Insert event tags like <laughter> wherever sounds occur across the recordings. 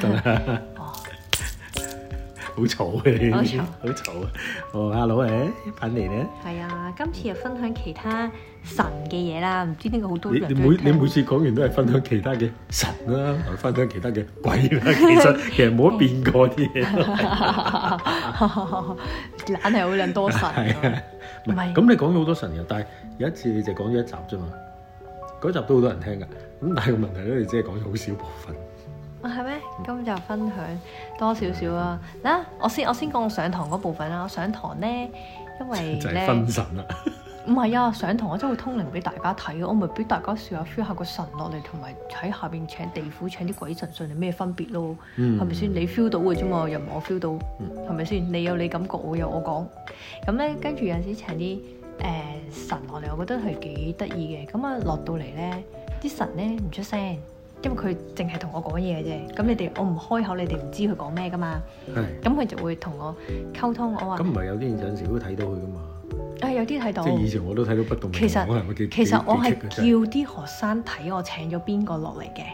得啦！哇，好嘈啊你，好嘈啊！哦，hello 誒，翻嚟咧，係啊，今次又分享其他神嘅嘢啦，唔知點解好多人。你每你每次講完都係分享其他嘅神啦，或者分享其他嘅鬼啦，其實其實冇得變過啲嘢，硬係好想多神。係啊，唔係咁你講咗好多神嘅，但係有一次你就講咗一集啫嘛，嗰集都好多人聽噶，咁但係個問題咧，你只係講咗好少部分。啊，係咩？今日就分享多少少啊！嗱，我先我先講上堂嗰部分啦。我上堂咧，因為咧，分神啊。唔 <laughs> 係啊，上堂我真係會通靈俾大家睇，我咪俾大家試下 feel 下個神落嚟，同埋喺下邊請地府請啲鬼神，上嚟咩分別咯？係咪先？你 feel 到嘅啫嘛，又唔我 feel 到，係咪先？你有你感覺，我有我講。咁咧，跟住有陣時請啲誒、呃、神落嚟，我覺得係幾得意嘅。咁啊落到嚟咧，啲神咧唔出聲。因為佢淨係同我講嘢嘅啫，咁你哋我唔開口，你哋唔知佢講咩㗎嘛。係的。咁佢就會同我溝通，我話。咁唔係有啲有陣時都睇到佢㗎嘛。啊、嗯，有啲睇到。即係以前我都睇到不動。其實，其實我係叫啲學生睇我請咗邊個落嚟嘅。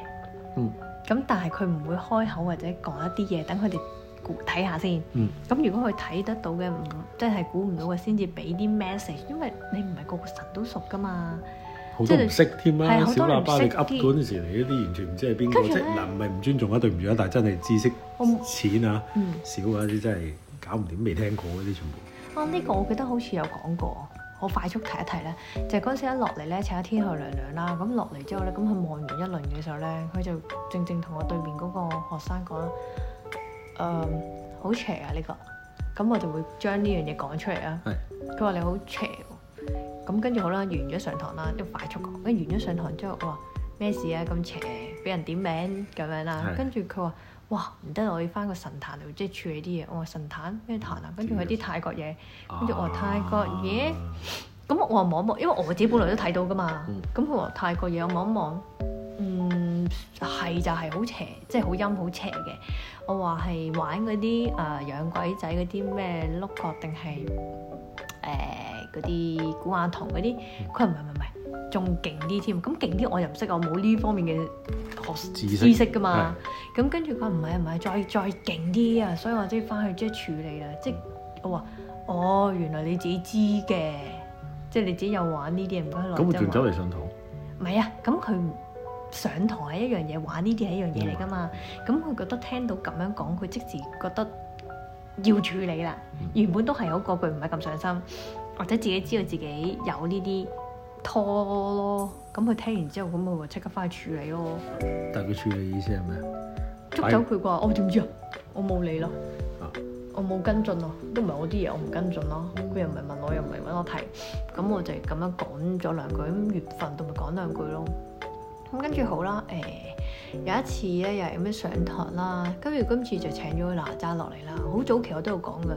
嗯。咁但係佢唔會開口或者講一啲嘢，等佢哋估睇下先。嗯。咁如果佢睇得到嘅唔即係估唔到嘅，先至俾啲 message，因為你唔係個個神都熟㗎嘛。好多唔識添啦，是小喇叭你噏嗰陣時嚟嗰啲完全唔知係邊個啫，嗱唔係唔尊重啊，對唔住啊，但係真係知識淺啊不少啊，啲真係搞唔掂，未聽過嗰、啊、啲全部。啊，呢、這個我記得好似有講過，我快速提一提咧，就嗰、是、陣時一落嚟咧請天后娘娘啦，咁落嚟之後咧，咁佢望完一輪嘅時候咧，佢就正正同我對面嗰個學生講，誒、嗯、好邪啊呢、這個，咁我就會將呢樣嘢講出嚟是啊，佢話你好邪。咁跟住好啦，完咗上堂啦，都快速講。咁完咗上堂之後，我話咩事啊？咁邪，俾人點名咁樣啦、啊。跟住佢話：哇，唔得，我要翻個神壇嚟，即係處理啲嘢。我話神壇咩壇啊？跟住佢啲泰國嘢。跟住、啊、我話泰國嘢，咁我話望一望，因為我自己本來都睇到噶嘛。咁佢話泰國嘢，我望一望，嗯，係就係好邪，即係好陰好邪嘅。我話係玩嗰啲啊，養鬼仔嗰啲咩碌角定係誒？嗰啲古玩堂嗰啲，佢唔係唔係唔係仲勁啲添，咁勁啲我又唔識，識，我冇呢方面嘅學知識噶嘛。咁跟住佢話唔係唔係，再再勁啲啊！所以我即係翻去即係處理啦。即係我話哦，原來你自己知嘅，嗯、即係你自己有玩呢啲，唔該。咁佢轉走嚟上堂？唔係啊，咁佢上堂係一樣嘢，玩呢啲係一樣嘢嚟噶嘛。咁佢、嗯、覺得聽到咁樣講，佢即時覺得要處理啦。嗯、原本都係有個佢唔係咁上心。或者自己知道自己有呢啲拖咯，咁佢聽完之後，咁佢即刻翻去處理咯。但係佢處理意思係咩啊？捉走佢啩？我點知啊？我冇理咯，我冇跟進咯，都唔係我啲嘢，我唔跟進咯。佢又唔係問我，又唔係揾我提，咁、嗯嗯、我就咁樣講咗兩句咁月份，同埋講兩句咯。咁跟住好啦，誒、欸、有一次咧又係咁樣上堂啦，跟住今次就請咗個哪吒落嚟啦。好早期我都有講噶。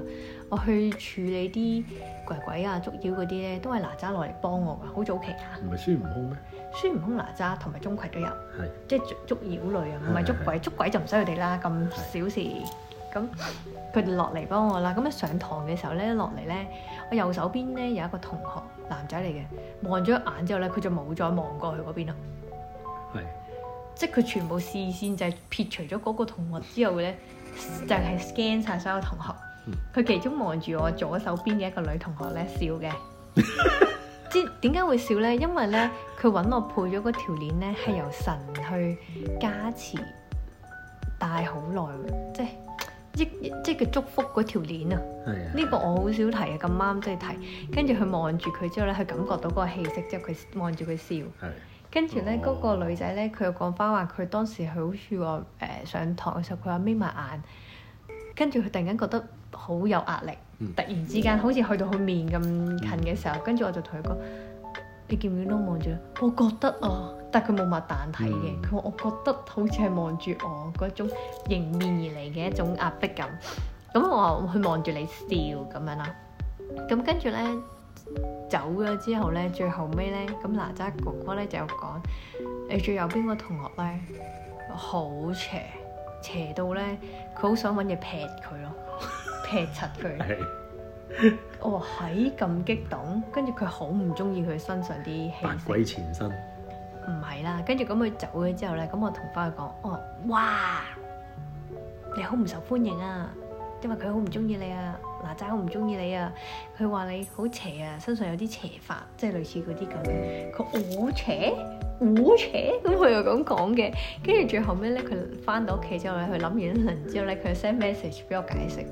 我去處理啲鬼鬼啊、捉妖嗰啲咧，都係哪吒落嚟幫我㗎，好早期啊！唔係孫悟空咩？孫悟空、哪吒同埋鍾馗都有，是即係捉捉妖類啊，唔係捉鬼。的捉鬼就唔使佢哋啦，咁小事咁佢哋落嚟幫我啦。咁一上堂嘅時候咧，落嚟咧，我右手邊咧有一個同學男仔嚟嘅，望咗一眼之後咧，佢就冇再望過去嗰邊咯。係的，即係佢全部視線就係撇除咗嗰個同學之後咧，就係、是、scan 晒所，所有同學。佢其中望住我左手邊嘅一個女同學咧笑嘅，即點解會笑咧？因為咧佢搵我配咗嗰條鏈咧係由神去加持戴好耐，即係一即係佢祝福嗰條鏈啊。係啊的，呢個我好少提啊，咁啱即係提。跟住佢望住佢之後咧，佢感覺到嗰個氣息之後，佢望住佢笑。係的。跟住咧嗰個女仔咧，佢又講翻話，佢當時佢好似我誒上堂嘅時候，佢話眯埋眼，跟住佢突然間覺得。好有壓力，嗯、突然之間、嗯、好似去到佢面咁近嘅時候，跟住、嗯、我就同佢講：你見唔見到望住？我覺得啊，但佢冇擘大眼睇嘅。佢話、嗯：我覺得好似係望住我嗰種迎面而嚟嘅一種壓迫感。咁我話佢望住你笑咁樣啦。咁跟住咧走咗之後咧，最後尾咧，咁哪吒哥哥咧就有講：你最右邊個同學咧好邪邪到咧，佢好想揾嘢劈佢咯。劈七佢，我話喺咁激動，跟住佢好唔中意佢身上啲氣鬼前身唔係啦，跟住咁佢走咗之後咧，咁我同返佢講，哦，哇，你好唔受歡迎啊，因為佢好唔中意你啊，哪吒好唔中意你啊，佢話你好邪啊，身上有啲邪法，即係類似嗰啲咁。佢我邪我邪，咁佢又咁講嘅，跟住最後尾咧，佢翻到屋企之後咧，佢諗完一輪之後咧，佢 send message 俾我解釋。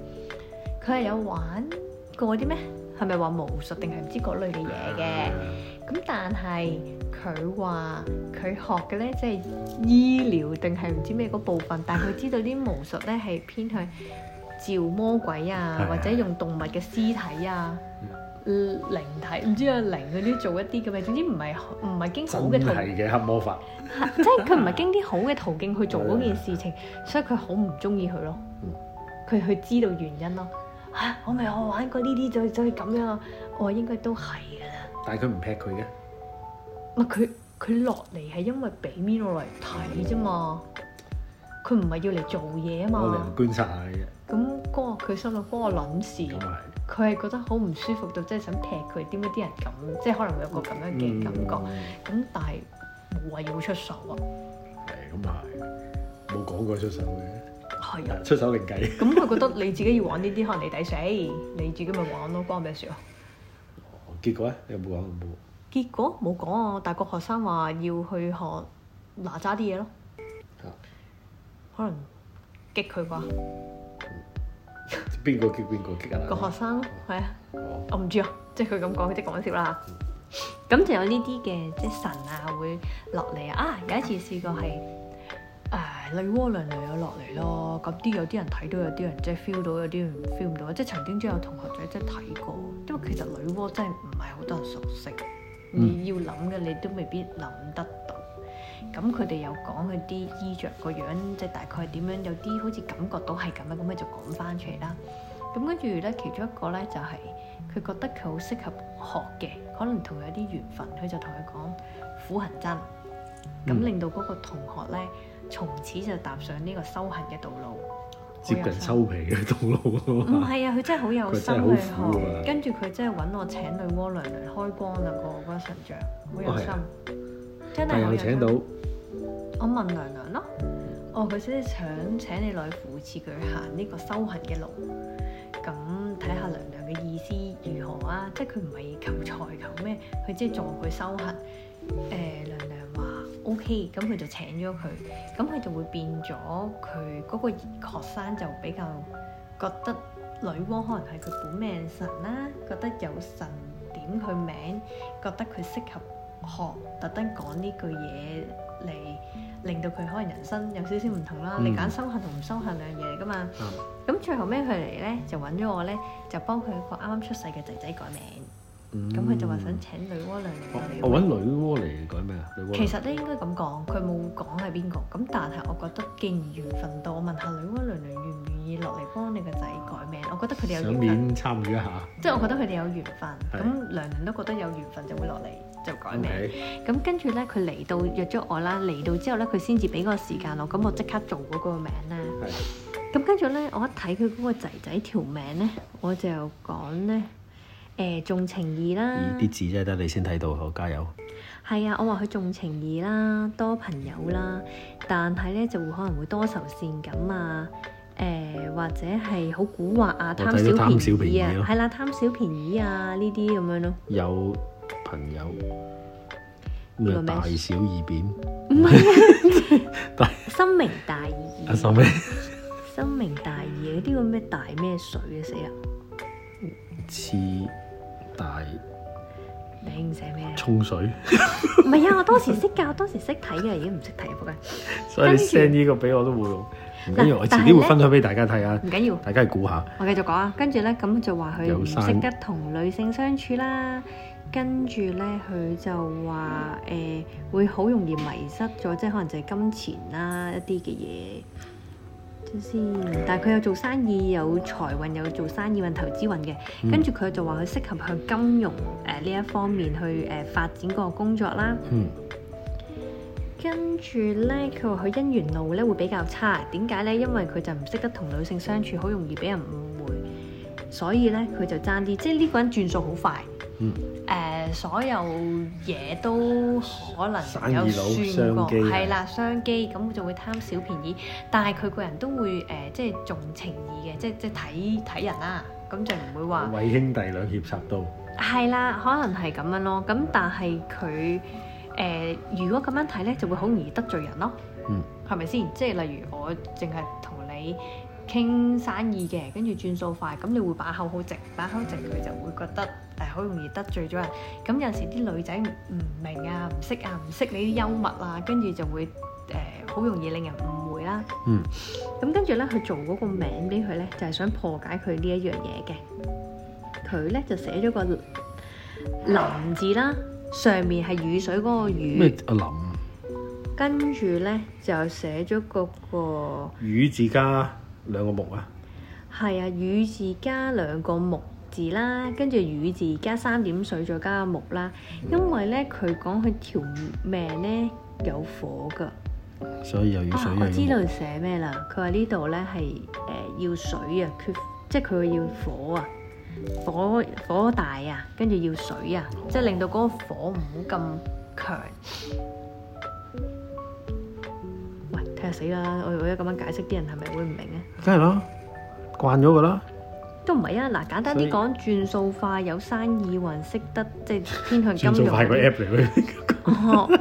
佢係有玩過啲咩？係咪話巫術定係唔知嗰類嘅嘢嘅？咁但係佢話佢學嘅咧，即係醫療定係唔知咩嗰部分。但係佢知道啲巫術咧係偏向召魔鬼啊，或者用動物嘅屍體啊、靈體唔知啊靈嗰啲做一啲咁嘅。總之唔係唔係經好嘅途。真係嘅黑魔法。即係佢唔係經啲好嘅途徑去做嗰件事情，所以佢好唔中意佢咯。佢去知道原因咯。我咪我玩過呢啲，就就係咁樣咯。我應該都係㗎啦。但係佢唔劈佢嘅，唔係佢佢落嚟係因為俾面落嚟睇啫嘛。佢唔係要嚟做嘢啊嘛。我嚟觀察下啫。咁嗰佢心諗嗰個諗事，佢係、嗯嗯嗯嗯、覺得好唔舒服到，即係想劈佢。點解啲人咁？即係可能會有個咁樣嘅感覺。咁、嗯嗯、但係冇話要出手啊。係咁係，冇、嗯、講、嗯嗯嗯嗯嗯、過出手嘅。嗯 <laughs> 出手另計，咁佢 <laughs> 覺得你自己要玩呢啲，可能你抵死， <laughs> 你自己咪玩咯，關我咩事啊？結果咧，你有冇講冇？結果冇講啊，但個學生話要去學哪吒啲嘢咯，啊、可能激佢啩？邊個激邊個激啊？個學生咯，係啊，我唔知啊，即係佢咁講，佢即係講笑啦。咁就有呢啲嘅，即係神啊會落嚟啊！有一次試過係。 <laughs> 誒女媧娘娘有落嚟咯，咁啲有啲人睇到，有啲人即係 feel 到，有啲人 feel 唔到，即係曾經都有同學仔即係睇過，嗯、因為其實女媧真係唔係好多人熟悉嘅，你要諗嘅，你都未必諗得到。咁佢哋有講佢啲衣着個樣，即係大概點樣，有啲好似感覺到係咁樣，咁咪就講翻出嚟啦。咁跟住咧，其中一個咧就係佢覺得佢好適合學嘅，可能同佢有啲緣分，佢就同佢講苦行僧咁令到嗰個同學咧。從此就踏上呢個修行嘅道路，接近收皮嘅道路。唔 <laughs> 係啊，佢真係好有心去學，啊嗯。跟住佢真係揾我請女媧娘娘開光啊個嗰個神像，好有心，哦啊、真係有。但請到？我問娘娘咯，哦，佢想請你女扶持佢行呢個修行嘅路，咁睇下娘娘嘅意思如何啊？即係佢唔係求財求咩，佢即係助佢修行。誒、呃，娘娘。O.K. 咁佢就請咗佢，咁佢就會變咗佢嗰個學生就比較覺得女媧可能係佢本命神啦，覺得有神點佢名，覺得佢適合學，特登講呢句嘢嚟令到佢可能人生有少少唔同啦。嗯、你揀修行同唔修行兩樣嘢嚟㗎嘛。咁、嗯、最後尾佢嚟呢，就揾咗我呢，就幫佢個啱啱出世嘅仔仔改名。咁佢、嗯嗯、就話想請女媧娘女女改名，我揾女媧嚟改名啊？其實咧應該咁講，佢冇講係邊個。咁但係我覺得既然緣分到，我問下女媧娘娘願唔願意落嚟幫你個仔改名？我覺得佢哋有緣分參與一下，即係我覺得佢哋有緣分。咁、哦嗯、娘娘都覺得有緣分就會落嚟就改名。咁、嗯 okay. 跟住咧，佢嚟到約咗我啦，嚟到之後咧，佢先至俾個時間我，咁我即刻做嗰個名咧。咁的跟住咧，我一睇佢嗰個仔仔條名咧，我就講咧。誒，重情義啦，啲字真係得你先睇到，好加油。係啊，我話佢重情義啦，多朋友啦，但係咧就會可能會多愁善感啊，誒或者係好古惑啊，貪小便宜啊，係啦，貪小便宜啊呢啲咁樣咯。有朋友大小二變？唔係，心明大義。阿心咩？心明大義嗰啲個咩大咩水啊？死啊？似。大，你寫咩？沖水唔係 <laughs> 啊！我當時識㗎，我當時識睇嘅，而家唔識睇啊！仆街，所以你 send 呢個俾我都冇用。唔緊要，是我遲啲會分享俾大家睇啊！唔緊要，大家估下。我繼續講啊，呢跟住咧，咁就話佢唔識得同女性相處啦。跟住咧，佢就話誒、呃、會好容易迷失咗，即係可能就係金錢啦一啲嘅嘢。先，但係佢有做生意，有財運，有做生意運、投資運嘅。嗯、跟住佢就話佢適合去金融誒呢、呃、一方面去誒、呃、發展個工作啦。嗯，跟住咧，佢話佢姻緣路咧會比較差。點解咧？因為佢就唔識得同女性相處，好容易俾人誤會。所以咧，佢就爭啲，即係呢個人轉數好快。嗯，誒、呃，所有嘢都可能有算過，係啦，商機咁就會貪小便宜，但係佢個人都會誒、呃，即係重情義嘅，即係即係睇睇人啦、啊，咁就唔會話為兄弟兩肋插刀，係啦，可能係咁樣咯。咁但係佢誒，如果咁樣睇咧，就會好容易得罪人咯。嗯，係咪先？即係例如我淨係同你傾生意嘅，跟住轉數快，咁你會把口好直，把口直佢就會覺得。誒好容易得罪咗人，咁有陣時啲女仔唔明啊、唔識啊、唔識你啲幽默啊，跟住就會誒好、呃、容易令人誤會啦。嗯，咁跟住咧，佢做嗰個名俾佢咧，就係、是、想破解佢呢一樣嘢嘅。佢咧就寫咗個林字啦，上面係雨水嗰個雨。咩啊林？跟住咧就寫咗、嗰個雨字加兩個木啊。係啊，雨字加兩個木。字啦，跟住雨字加三點水，再加木啦，因為咧佢講佢條命咧有火噶，所以有、呃、要水。我知道要寫咩啦，佢話呢度咧係誒要水啊，缺即係佢要火啊，火火大啊，跟住要水啊，即係令到嗰個火唔好咁強。喂，睇下死啦，我我而家咁樣解釋啲人係咪會唔明啊？梗係咯，慣咗噶啦。都唔係啊！嗱，簡單啲講，以轉數快有生意運，還識得即係偏向金融。 <laughs> 轉數快個 app 嚟嘅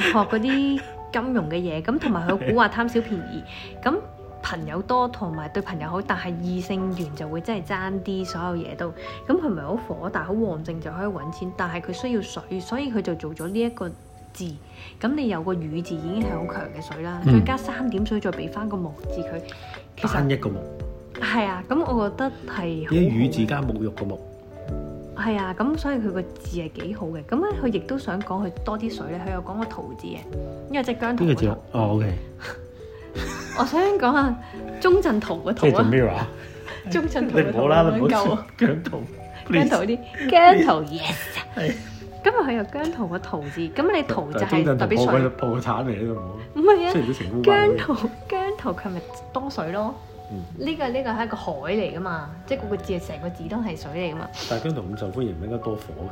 <laughs> 學嗰啲、欸、金融嘅嘢，咁同埋佢古話貪小便宜，咁朋友多同埋對朋友好，但係異性緣就會真係爭啲所有嘢都。咁佢唔係好火，但係好旺盛就可以揾錢，但係佢需要水，所以佢就做咗呢一個字。咁你有個雨字已經係好強嘅水啦，嗯、再加三點水，再俾翻個木字佢。新一個係啊，咁我覺得係。啲雨字加沐浴個沐。係啊，咁所以佢個字係幾好嘅，咁咧佢亦都想講佢多啲水，佢又講個濤字嘅，因為即係姜濤。邊個字？哦，OK。我想講下鍾鎮濤嗰濤啊。鍾鎮濤唔好啦，唔好笑。姜濤，姜濤啲姜濤，yes。係。今日佢有姜濤個濤字，咁你濤就係特別財破破產嚟嘅都冇。唔係啊。姜濤姜濤佢咪多水咯。呢、嗯，呢個呢個係一個海嚟噶嘛，即係個個字係成個字都係水嚟噶嘛。但係大疆同五秀歡迎應該多火嘅。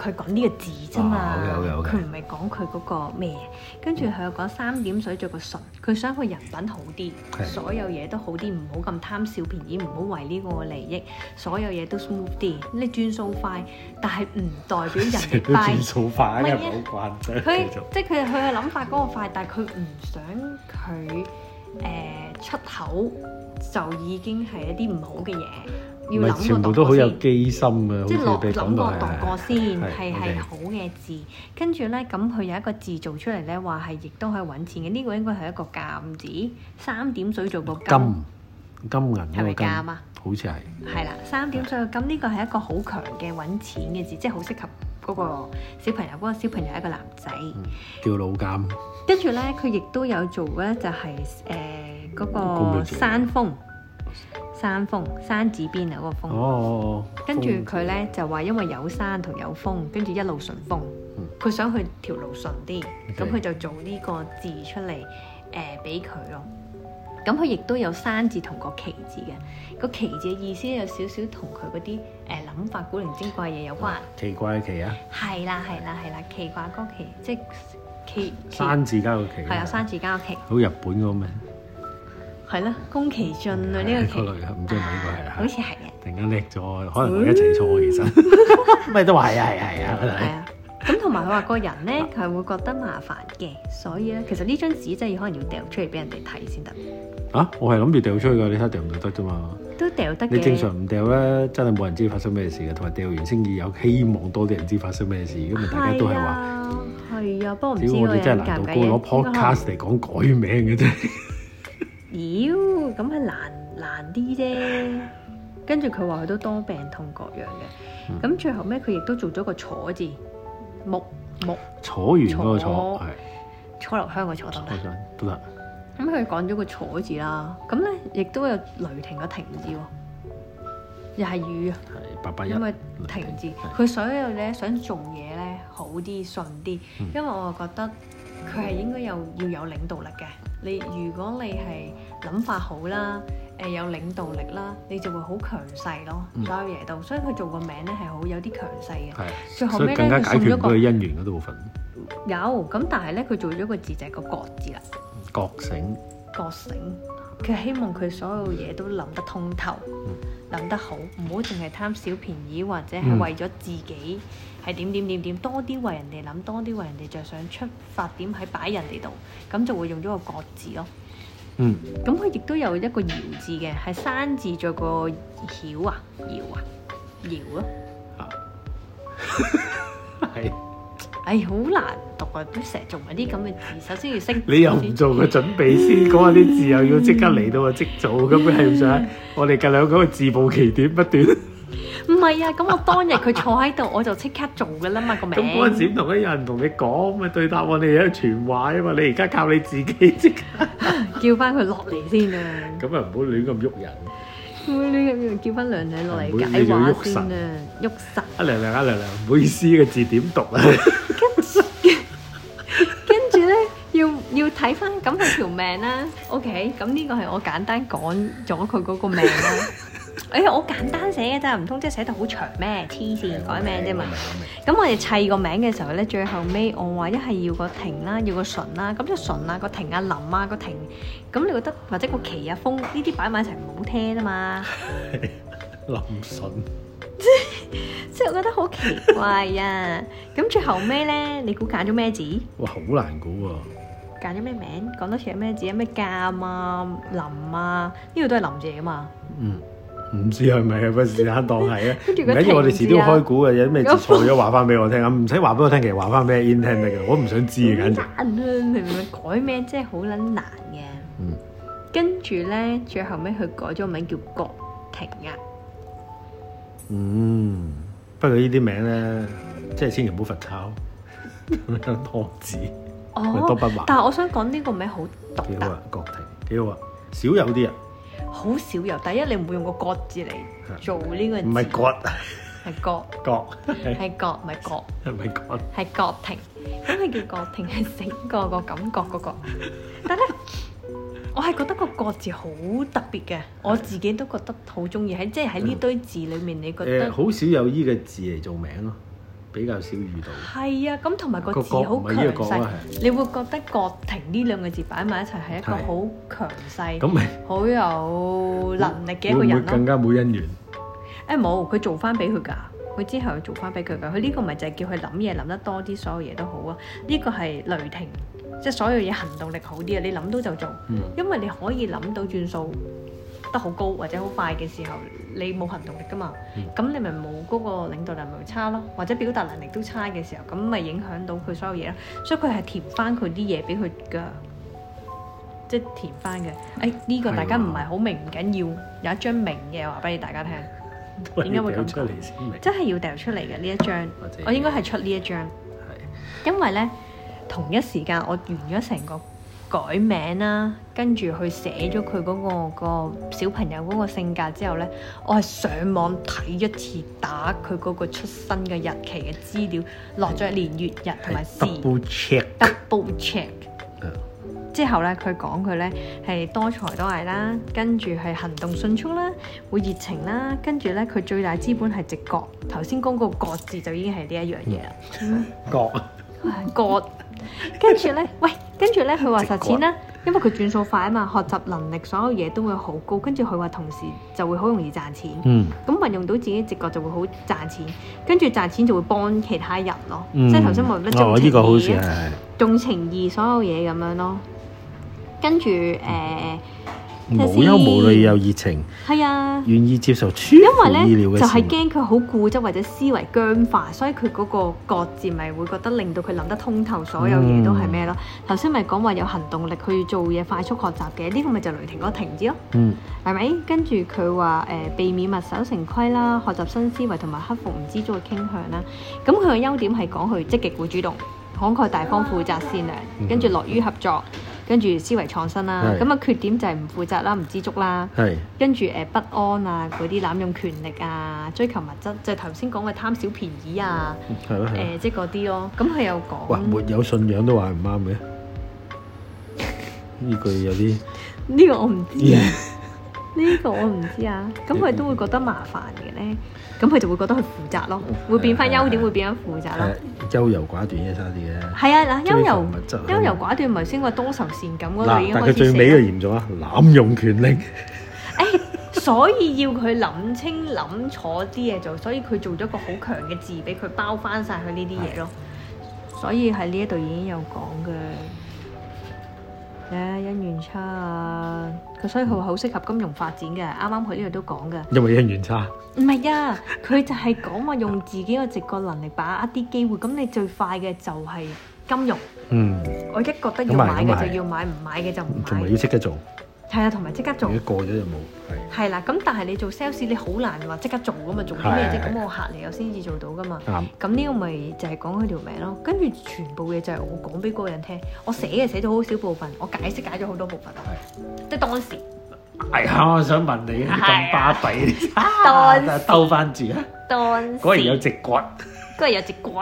佢講呢個字啫嘛，佢唔係講佢嗰個咩？跟住佢又講三點水再個唇，佢想佢人品好啲，所有嘢都好啲，唔好咁貪小便宜，唔好為呢個利益，所有嘢都 smooth 啲，你轉數快，但係唔代表人哋都轉數快又冇慣，佢即係佢佢嘅諗法嗰個快，但係佢唔想佢。誒、呃、出口就已經係一啲唔好嘅嘢，要諗到都好有機心㗎，即係落諗個度過先係係好嘅字。跟住咧，咁佢有一個字做出嚟咧，話係亦都可以揾錢嘅。呢、呢個應該係一個金字，三點水做金金金個金金銀，係咪金啊？好似係係啦，三點水咁呢個係一個好強嘅揾錢嘅字，即係好適合。嗰個小朋友，嗰、嗰個小朋友係一個男仔，嗯，叫老監。跟住呢，佢亦都有做咧、就係，就係誒嗰個山峰，山峰，山字邊啊嗰、嗰個峯。哦。哦。跟住佢呢，就話，因為有山同有風，跟住一路順風，佢、嗯、想去條路順啲，咁佢 Okay. 就做呢個字出嚟誒，俾佢咯。咁佢亦都有山字同個奇字嘅，個奇字嘅意思有少少同佢嗰啲誒諗法古靈精怪嘢有關。奇怪嘅奇啊！係啦係啦係啦，奇怪歌奇，即係奇。山字加個奇。係啊，山字加個奇。好日本嗰個咩？係啦，宮崎駿啊呢個。可能唔中意佢，應該係啊。好似係啊。突然間叻咗，可能佢一齊錯，其實。咪都話係啊係啊係啊。係啊。咁同埋佢話個人咧佢係會覺得麻煩嘅，所以咧其實呢張紙真係可能要掉出嚟俾人哋睇先得。啊！我係諗住掉出去噶，你睇掉唔掉得啫嘛？都掉得。你正常唔掉咧，真係冇人知發生咩事嘅，同埋掉完先至有希望多啲人知發生咩事。咁啊，大家都係話。係啊，不過唔知我哋真係難道過攞 podcast 嚟講改名嘅啫。妖，咁係難難啲啫。跟住佢話佢都多病痛各樣嘅，咁最後咩佢亦都做咗個坐字木木。坐完嗰個坐坐留香個坐得？都得。咁佢講咗個坐字啦，咁咧亦都有雷霆嘅停字喎，又係雨，係八八一，因為停字，佢所有咧想做嘢咧好啲順啲，因為我覺得佢係應該有要有領導力嘅。你如果你係諗法好啦，誒有領導力啦，你就會好強勢咯，擺喺夜度，所以佢做個名咧係好有啲強勢嘅。最後尾咧，更加解決咗個姻緣嗰部分。有咁，但係咧佢做咗個字就係個國字啦。覺醒，覺醒，佢希望佢所有嘢都諗得通透，諗、嗯、得好，唔好淨係貪小便宜或者係為咗自己係點點點點，多啲為人哋諗，多啲為人哋着想，想出發點喺擺人哋度，咁就會用咗個“覺”字咯。嗯，咁佢亦都有一個“堯”字嘅，係“山”字做個“曉”啊，“堯”啊，“堯”咯。啊。啊 <laughs> 係係好難讀啊！都成日做埋啲咁嘅字，首先要識。你又唔做個準備先，講下啲字又要即刻嚟到啊，即做咁樣係唔想。我哋隔兩個字自暴其短不斷？唔係啊，咁我當日佢坐喺度，我就即刻做噶啦嘛個名。咁嗰陣時唔同啊，有人同你講咪對答案，你有得傳話啊嘛。你而家靠你自己即刻叫翻佢落嚟先啊。咁啊，唔好亂咁喐人。我哋咁樣叫翻娘娘落嚟解話先啊，喐實！阿娘娘阿娘娘，唔好意思，個字點讀啊？ <laughs> 跟住咧，要要睇翻咁佢條命啦、啊。OK，咁呢個係我簡單講咗佢嗰個命啦、啊。 <laughs> Sí, 哎呀，我簡單寫嘅咋，唔通即係寫得好長咩？黐線改名啫嘛。咁我哋砌個名嘅時候咧，最後尾我話一係要個亭啦，要個純啦。咁就係純啊個亭啊林啊個亭，咁你覺得或者個旗啊風呢啲擺埋一齊唔好聽啊嘛。林純即即係我覺得好奇怪啊。咁最後尾咧，你估揀咗咩字？哇，好難估啊！揀咗咩名？講多次咩字啊？咩鑑啊林啊？呢個都係林字啊嘛。Bitter, so. 嗯。唔知係咪啊？不時啱當 <laughs> 係啊！唔係我哋遲啲開估嘅嘢咩？ <laughs> 有咩錯咗話翻俾我聽啊！唔使話俾我聽，其實話翻俾阿 In 聽得嘅，我唔想知啊！簡直、啊，你明唔明？改名真係好撚難嘅。嗯。跟住咧，最後尾佢改咗個名叫國庭啊。嗯。不過呢啲名咧，即係千祈唔好罰抄，咁 <laughs> 樣多字指，都、哦、筆畫。但係我想講呢個名好獨特，國庭幾好啊，少有啲人。好少有，第一你唔會用、個國字嚟做呢個字，唔係國，係國，國係國，唔係國，唔係國，係國庭，咁係叫國庭，係整個個感覺嗰個。但咧，我係覺得個國字好特別嘅， <laughs> 我自己都覺得好中意喺即係喺呢堆字裏面，你覺得好、呃、少有依個字嚟做名咯。比較少遇到。係啊，咁同埋個字好強勢，你會覺得國庭呢兩個字擺埋一齊係一個好強勢、好的有能力嘅一個人咯。會唔會更加冇姻緣？誒冇、欸，佢做翻俾佢㗎，佢之後做翻俾佢㗎。佢呢個咪就係叫佢諗嘢諗得多啲，所有嘢都好啊。呢、這個係雷霆，即、就、係、是、所有嘢行動力好啲啊。你諗到就做，嗯、因為你可以諗到轉數得好高或者好快嘅時候。你冇行動力噶嘛？咁、嗯、你咪冇嗰個領導能力差咯，或者表達能力都差嘅時候，咁咪影響到佢所有嘢咯。所以佢係填翻佢啲嘢俾佢噶，即、就、係、是、填翻嘅。誒、哎、呢、這個大家唔係好明，唔的緊要，有一張明嘅話俾大家聽，點解會咁？出真係要掉出嚟嘅呢一張，我，知我應該係出呢一張，的因為咧同一時間我完咗成個。改名啦，跟住去寫咗佢嗰個個小朋友嗰個性格之後呢，我係上網睇一次打佢嗰個出生嘅日期嘅資料，落咗年月日同埋。Double check。Double check。嗯。之後呢，佢講佢呢係多才多藝啦，跟住係行動迅速啦，會熱情啦，跟住呢，佢最大資本係直覺。頭先講個覺字就已經係呢一樣嘢啦。覺。啊覺。跟住 <laughs> 呢？喂。跟住呢，佢話實錢啦，因為佢轉數快啊嘛，學習能力所有嘢都會好高。跟住佢話同時就會好容易賺錢。嗯，咁運用到自己直覺就會好賺錢。跟住賺錢就會幫其他人咯。嗯、即係頭先冇乜重情義，哦這個、好似係重情義所有嘢咁樣咯。跟住誒。呃無憂無慮又熱情，係啊，願意接受出乎意料嘅事。因為咧就係驚佢好固執或者思維僵化，所以佢嗰個割接咪會覺得令到佢諗得通透，所有嘢都係咩咯？頭先咪講話有行動力去做嘢，快速學習嘅呢個咪就雷霆嗰個停止咯。嗯，係咪？跟住佢話誒，避免墨守成規啦，學習新思維同埋克服唔知足嘅傾向啦。咁佢嘅優點係講佢積極會主動、慷慨大方、負責善，善良，跟住樂於合作。跟住思維創新啦，咁啊是缺點就係唔負責啦，唔知足啦，是跟住誒、呃、不安啊，嗰啲濫用權力啊，追求物質，就係頭先講嘅貪小便宜啊，誒即係嗰啲咯。咁佢有講，哇，沒有信仰都話唔啱嘅，呢句 <laughs> 有啲呢個我唔知，啊。呢 <laughs> 個我唔知啊，咁佢都會覺得麻煩嘅咧。咁佢就會覺得佢負責咯，會變翻優點，會變咗負責咯。優柔寡斷嘅差啲嘅。係啊，嗱，優柔優柔寡斷，唔係先話多愁善感嗰度已經開始死。但佢最尾又嚴重，濫用權力。誒，所以要佢諗清諗楚啲嘢做，所以佢做咗個好強嘅字，俾佢包翻曬佢呢啲嘢咯。所以喺呢一度已經有講嘅。誒，姻緣差。所以佢好適合金融發展嘅，啱啱佢呢度都講嘅。因為人員差，唔係啊，佢就係講話用自己嘅直覺能力，把握一啲機會，咁你最快嘅就係金融。嗯，我一覺得要買嘅就要買，唔買嘅就唔買。同埋要識得做。係啊，同埋即刻做。如果過咗就冇。係。係啦，咁但係你做 sales，你好難話即刻做噶嘛，做啲咩啫？咁我客嚟，我先至做到噶嘛。啱。咁呢個咪就係講佢條名咯。跟住全部嘢就係我講俾嗰個人聽，我寫嘅寫咗好少部分，我解釋解咗好多部分。係。即當時。係啊，我想問你咁巴閉。當。兜翻轉啊！當。嗰日有隻骨。居然有隻骨。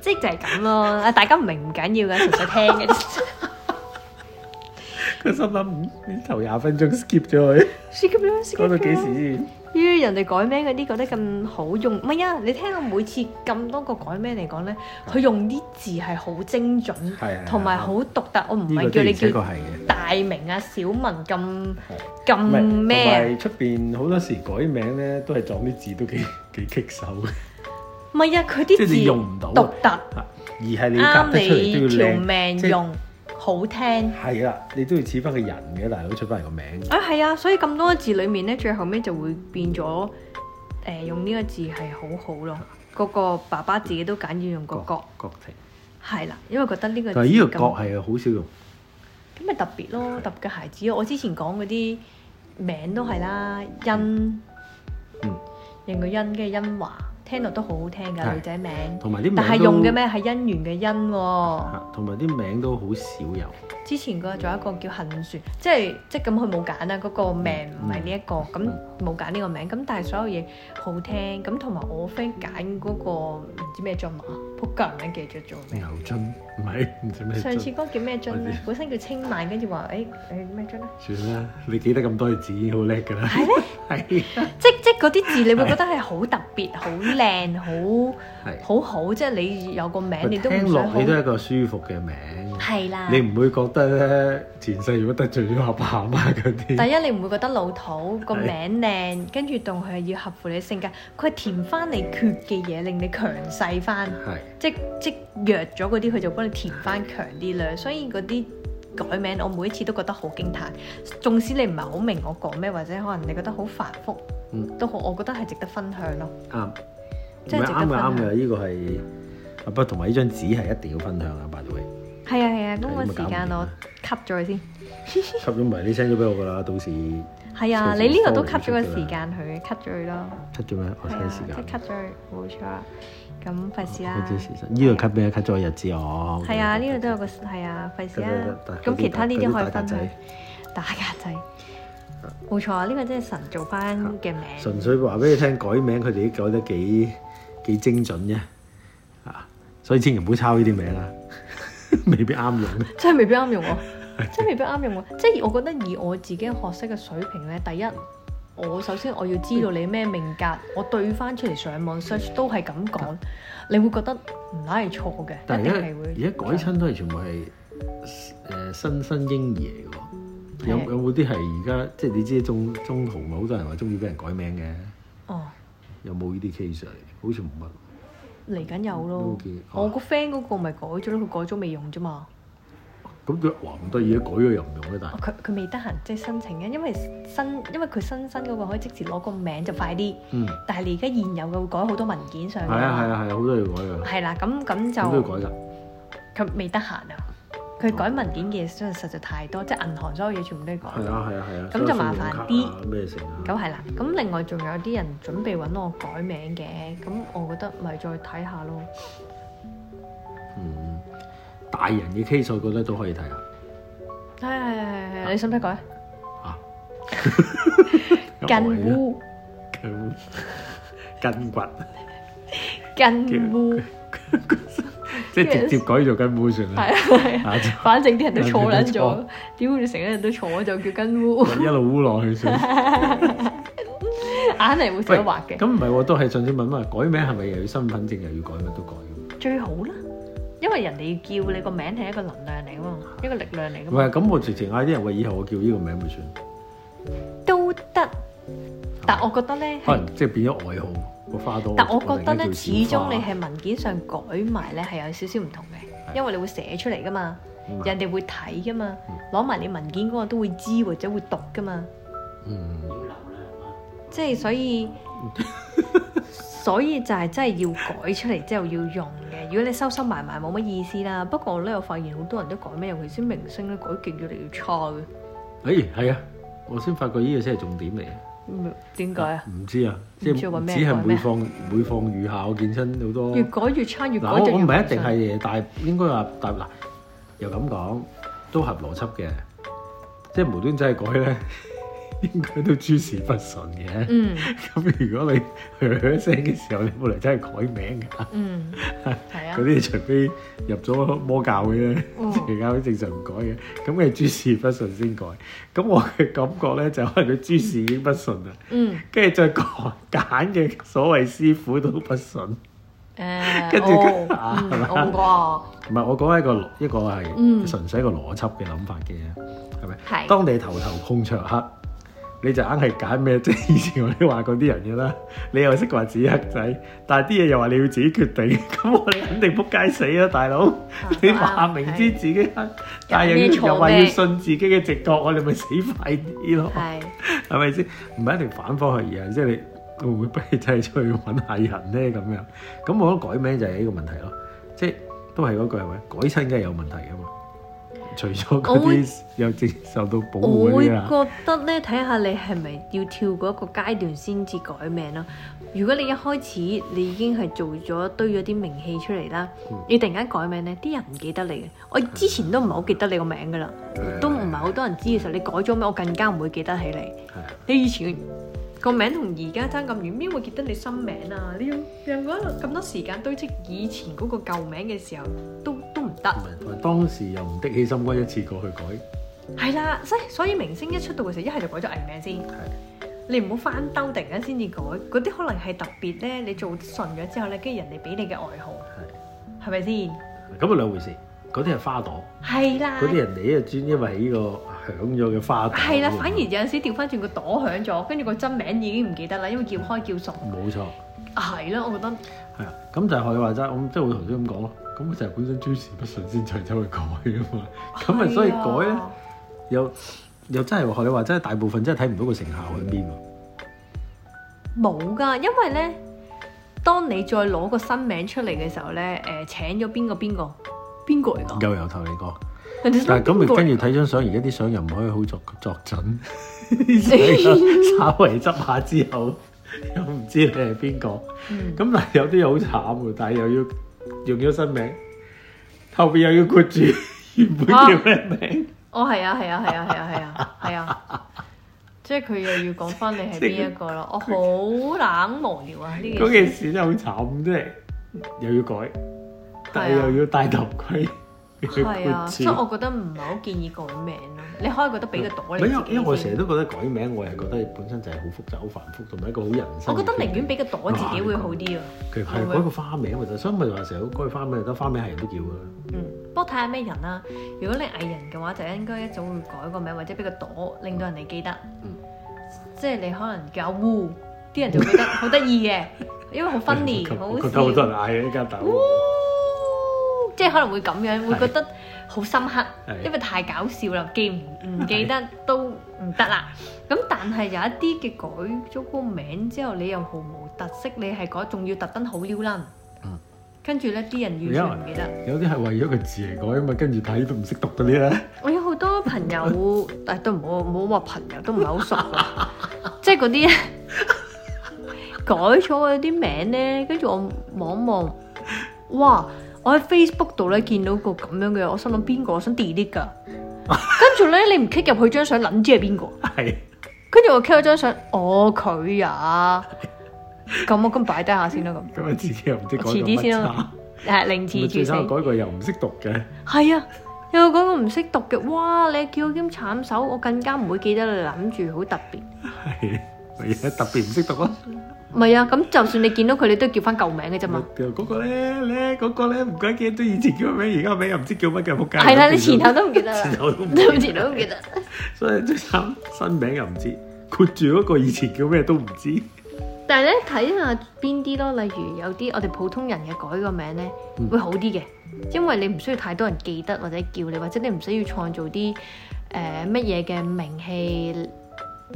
即就係咁咯，啊大家唔明唔緊要噶，純粹聽嘅啫。心諗嗯，頭廿分鐘 skip 咗佢。skip 咩？skip 到幾時？咦，人哋改名嗰啲覺得咁好用。唔係啊，你聽我每次咁多個改名嚟講咧，佢用啲字係好精準，同埋好獨特。我唔係叫你叫大名啊，小名咁咁咩啊。同埋出邊好多時改名咧，都係撞啲字都幾幾棘手嘅。唔係啊，佢啲字用唔到，獨特。而係你啱你條命用。好聽係啊，你都要似翻個人嘅，但係都出翻嚟個名啊，係啊，所以咁多字裏面咧，最後尾就會變咗誒、呃、用呢個字係好好咯。嗰個爸爸自己都揀要用個國國庭，係啦，因為覺得呢個但係呢個國係好少用，咁咪特別咯，特別嘅的孩子。我之前講嗰啲名都係啦，恩，嗯，用個恩嘅恩華。聽落都好好聽㗎，的女仔名、名但係用嘅咩係姻緣嘅姻、哦，同埋啲名都好少有。之前嗰個仲有一個叫恆雪」嗯，即，即係即咁，佢冇揀啦，嗰個名唔係呢一個咁。那嗯冇揀呢個名，咁但係所有嘢好聽，咁同埋我 friend 揀嗰個唔知咩樽啊，仆街唔記得咗。牛津？唔係唔知咩。上次嗰個叫咩樽？本身叫清曼，跟住話誒誒咩樽咧？算啦，你記得咁多字好叻㗎啦。係咧，係。即即嗰啲字，你會覺得係好特別、好靚、好好好，即係你有個名，你都唔想。聽落你都係一個舒服嘅名。係是啦，你唔會覺得咧，前世如果得罪咗阿爸阿媽啲，第一你唔會覺得老土個名靚，是的 跟住同佢係要合乎你性格，佢係填翻你缺嘅嘢，令你強勢翻，係是的 即即弱咗嗰啲，佢就幫你填翻強啲啦。是的 所以嗰啲改名，我每一次都覺得好驚歎。縱使你唔係好明我講咩，或者可能你覺得好繁複，嗯、都好，我覺得係值得分享咯。啱、嗯嗯，即係啱嘅，啱嘅，依個係阿伯同埋呢張紙係一定要分享啊，拜係啊係啊，咁個時間我 cut 咗佢先，cut 咗唔係，你 send 咗俾我噶啦，到時。係啊，你呢個都 cut 咗個時間佢，cut 咗佢咯。cut 咗咩？我睇時間。即 cut 咗佢，冇錯。咁費事啦。呢個 cut 咩？cut 咗個日子我。係啊，呢個都有個係啊，費事啊。咁其他呢啲可以分。打格仔。冇錯，呢個真係神做返嘅名。純粹話俾你聽，改名佢哋都改得幾幾精準啫。啊！所以千祈唔好抄呢啲名啦。 <laughs> 未必啱用，即係 <laughs> 未必啱用啊！即係未必啱用啊！即係是的 我覺得以我自己學識嘅水平咧，第一，我首先我要知道你咩命格，我對翻出嚟上網 search 都係咁講，的你會覺得唔係錯嘅。但係而家而家改親都係全部係誒新新嬰兒嚟嘅，有有冇啲係而家即係你知中中途咪好多人話中意俾人改名嘅？哦、oh.，有冇呢啲 case 嚟？好似冇乜。嚟緊有咯，Okay . oh. 我個 friend 嗰個咪改咗咯，佢改咗未用啫嘛。咁佢話唔得意，改咗又唔用咧，但係佢佢未得閒，即係申請嘅，因為新因為佢新新嗰個可以即時攞個名就快啲。嗯、但係你而家現有嘅會改好多文件上嘅。係啊係啊係啊，好多嘢改嘅。係啦、啊，咁咁就。都要改㗎？佢未得閒啊。佢改文件嘅嘢真係實在太多，即係銀行所有嘢全部都改。係啊係啊係啊。咁就麻煩啲。咩事啊？咁係啦，咁另外仲有啲人準備搵我改名嘅，咁我覺得咪再睇下咯。嗯，大人嘅基礎覺得都可以睇下。係係係，你使唔使改？啊！筋骨，筋骨，筋骨，筋骨。即係直接改做根烏算啦，係啊，反正啲人都坐撚咗，點會成日人都坐就叫根烏，一路烏落去算，硬係會識得畫嘅。咁唔係喎，都係上次問問，改名係咪又要身份證又要改，乜都改？最好啦，因為人哋叫你個名係一個能量嚟㗎嘛，一個力量嚟㗎嘛。唔係，咁我直情嗌啲人話以後我叫呢個名咪算，都得。但係我覺得咧，可能即係變咗愛好。但我覺得咧，始終你係文件上改埋咧，係、嗯、有少少唔同嘅，是因為你會寫出嚟噶嘛，嗯、人哋會睇噶嘛，攞埋你文件嗰個都會知或者會讀噶嘛，嗯，即係所以，所以就係真係要改出嚟之後要用嘅。如果你收收埋埋冇乜意思啦。不過我都有發現好多人都改咩，尤其是明星咧改勁咗，嚟要錯。誒係啊，我先發覺呢個先係重點嚟。點解啊？唔知啊，即係是 只係每況每況愈下，我見親好多。越改越差，越改越越，改越越，越我唔係一定係大，但應該話大嗱，又咁講都合邏輯嘅，即係無端真係改咧。 <laughs> 應該都諸事不順嘅，咁如果你嘰嘰聲嘅時候，你冇嚟真係改名㗎，嗰啲除非入咗魔教嘅，邪教正常唔改嘅，咁你諸事不順先改。咁我嘅感覺咧，就可能佢諸事已經不順啦，跟住再講揀嘅所謂師傅都不順，跟住啊，唔係我講一個一個係純粹一個邏輯嘅諗法嘅，係咪？當你頭頭碰著黑。你就硬係揀咩？即 <laughs> 係以前我哋話過啲人嘅啦。你又識話自己黑仔，但係啲嘢又話你要自己決定，咁 <laughs> 我肯定撲街死啦，大佬！啊、你話明知自己黑，哎、但係又又話要，說要信自己嘅直覺，我哋咪死快啲咯？係咪先？唔係一定反科學而係，即係你會唔會不如真係出去揾下人咧咁樣？咁我覺得改名就係呢個問題咯，即係都係嗰句係咪？改親梗係有問題嘅嘛。除咗嗰啲又正受到保護嗰啲啊，我會覺得咧，睇下你係咪要跳過一個階段先至改名咯。如果你一開始你已經係做咗堆咗啲名氣出嚟啦，你突然間改名咧，啲人唔記得你嘅。我之前都唔係好記得你個名㗎喇，都唔係好多人知嘅時候，你改咗名，我更加唔會記得起你。你以前個名同而家爭咁遠，邊會記得你新名啊？你用咁多時間堆積以前嗰個舊名嘅時候都。唔得，當時又唔的起心肝一次過去改，係啦，所以所以明星一出道嘅時候，一係就改咗藝名先，你唔好翻兜突然間先至改，嗰啲可能係特別咧。你做順咗之後咧，跟住人哋俾你嘅外號，係咪先？咁啊兩回事，嗰啲係花朵，係啦，嗰啲人哋咧專一為呢個響咗嘅花朵，係啦，反而有陣時調翻轉個朵響咗，跟住個真名已經唔記得啦，因為叫開叫熟，冇錯，係咯，我覺得，係啊，咁就係學你話齋，我即係我頭先咁講咯。咁就係本身諸事不順先再走去改啊嘛，咁是啊所以改咧，又又真係學你話，真係大部分真係睇唔到個成效喺邊喎？冇噶，因為咧，當你再攞個新名出嚟嘅時候咧，誒、呃，請咗邊個邊個邊個嚟講？又由頭嚟講，但係咁咪，跟住睇張相，而家啲相又唔可以好作作準， <laughs> 稍微執下之後，又唔知你係邊個。咁、嗯、但係有啲好慘啊，但係又要。用咗新名，後邊又要括住原本叫咩名啊？哦，係啊，係啊，係啊，係啊，係啊，係啊， <laughs> 即係佢又要講翻你係邊一個咯？我、哦、好冷無聊啊！呢 <laughs> 件事， <laughs> 件事真係好慘，真係又要改，但又又要戴頭盔。 <laughs> 係啊，所以我覺得唔係好建議改名咯。你可以覺得俾個朵你。因為我成日都覺得改名，我係覺得本身就係好複雜、好繁複，同埋一個好人生。我覺得寧願俾個朵自己會好啲啊。其實係改個花名咪得，所以咪話成日改花名，得花名係人都叫噶啦。嗯，不過睇下咩人啦、啊。如果你藝人嘅話，就應該一早會改個名，或者俾個朵，令到人哋記得。嗯嗯、即係你可能叫阿 Wu，啲人就覺得好得意嘅， <laughs> 因為好 funny，好似 <laughs> 覺得好多 <laughs> 人嗌啊，依家大烏。即係可能會咁樣，會覺得好深刻，因為太搞笑啦，記唔唔記得都唔得啦。咁但係有一啲嘅改咗個名之後，你又毫無特色，你係改仲要特登好撚，跟住咧啲人完全唔記得。有啲係為咗個字嚟改啊嘛，跟住睇都唔識讀嗰啲咧。我有好多朋友，但係都唔好唔好話朋友，都唔係好熟嘅，即係嗰啲改咗嗰啲名咧，跟住我望一望，哇！我喺 Facebook 度咧見到個咁樣嘅，我心諗邊個？我想 delete 㗎。跟住咧，你唔 click 入去張相諗知係邊個？係。跟住我 click 咗張相，哦佢啊。咁我咁擺低下先啦，咁。咁自己又唔識改讀，遲啲先啦。係零字住先。最慘改個又唔識讀嘅。係啊，又改個唔識讀嘅，哇！你叫我咁慘手，我更加唔會記得你諗住好特別。係、 <laughs> 啊，特別唔識讀囉。唔係啊，咁就算你見到佢，你都叫翻舊名嘅啫嘛。嗰個咧，咧嗰個咧唔記得，都以前叫咩名，而家名又唔知叫乜嘅仆街。係啦，你前頭都唔記得。前頭都唔記得。前頭唔記得。所以啲新新名又唔知，括住嗰個以前叫咩都唔知。但係咧，睇下邊啲咯，例如有啲我哋普通人嘅改個名咧，會好啲嘅，因為你唔需要太多人記得或者叫你，或者你唔需要創造啲誒乜嘢嘅名氣。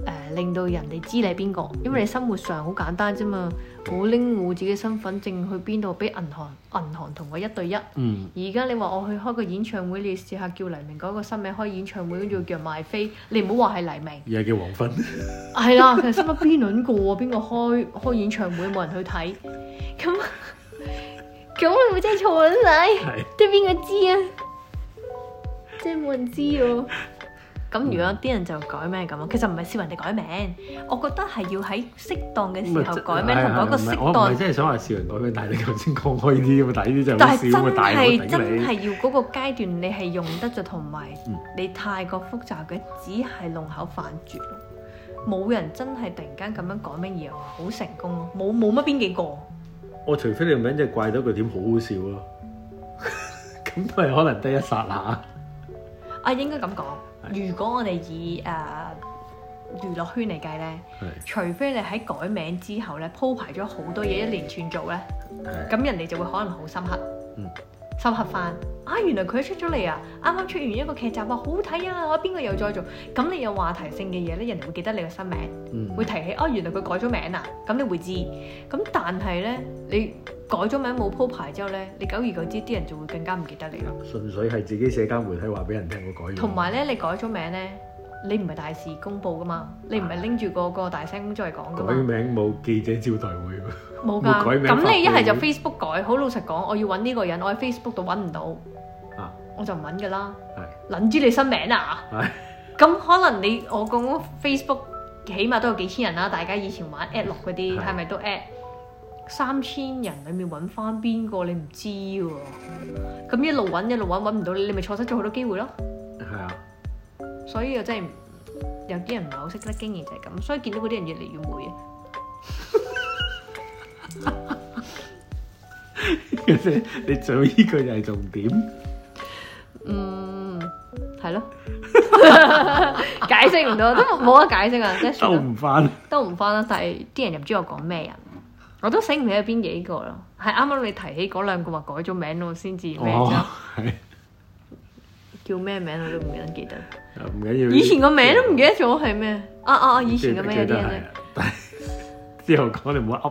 誒、呃，令到人哋知你係邊個，因為你生活上好簡單啫嘛，我拎我自己身份證去邊度，俾銀行，銀行同我一對一。嗯。而家你話我去開個演唱會，你試下叫黎明改個新名開演唱會，跟住叫賣飛，你唔好話係黎明。而家叫黃昏。係 <laughs> 啦，其實新乜邊輪個啊？邊個開開演唱會，冇人去睇，咁咁會唔會真係錯捻晒？都邊個知啊？真係冇人知哦。咁、嗯、如果啲人就改名咁，其實唔係笑人哋改名，我覺得係要喺適當嘅時候改名同改是、哎、呀個適當。哎、我唔係真係想話笑人改名，但係你頭先講開呢啲咁啊，但呢啲就係真係真係要嗰個階段，你係用得著同埋你太過複雜嘅，只係弄巧反拙，冇人真係突然間咁樣改乜嘢話好成功咯，冇冇乜邊幾個？我除非你個名真係怪到佢點好好笑咯，咁都係可能得一剎下。啊， <laughs> 應該咁講。 <laughs> 如果我哋以誒、uh，娛樂圈嚟計呢，的除非你喺改名之後呢，鋪排咗好多嘢一連串做呢，咁的人哋就會可能好深刻。嗯收合翻啊！原來佢出咗嚟啊！啱啱出完一個劇集話好睇啊！我邊個又再做咁？你有話題性嘅嘢呢，人哋會記得你個新名，嗯、會提起啊！原來佢改咗名啊！咁你會知。咁但係呢，你改咗名冇鋪排之後呢，你久而久之啲人就會更加唔記得你咯。純粹係自己社交媒體話俾人聽我改。同埋呢，你改咗名呢，你唔係大事公佈噶嘛？你唔係拎住個、啊、個大聲公再講。改名冇記者招待會。冇噶，咁你一係就 Facebook 改，好會老實講，我要揾呢個人，我喺 Facebook 度揾唔到，啊、我就唔揾噶啦。係的，諗住你新名啊？咁的可能你我講 Facebook 起碼都有幾千人啦、啊，大家以前玩 at 六嗰啲，係咪的都 at 三千人裏面揾翻邊個你唔知喎？咁一路揾一路揾揾唔到，你咪錯、啊、的失咗好多機會咯。係啊的，所以又真係有啲人唔係好識得經營就係咁，所以見到嗰啲人越嚟越唔啊。 <laughs> 哈哈，其實你做呢句又係重點，嗯，係咯，解釋唔到，都冇得解釋啊，兜唔翻，兜唔翻啦，但係啲人又唔知我講咩人，我都醒唔起有邊幾個啦，係啱啱你提起嗰兩個話改咗名咯，先至咩啫，叫咩名我都唔記得，唔緊要，以前個名都唔記得咗係咩，啊啊啊，以前咁樣啲咧。之後講你冇乜噏，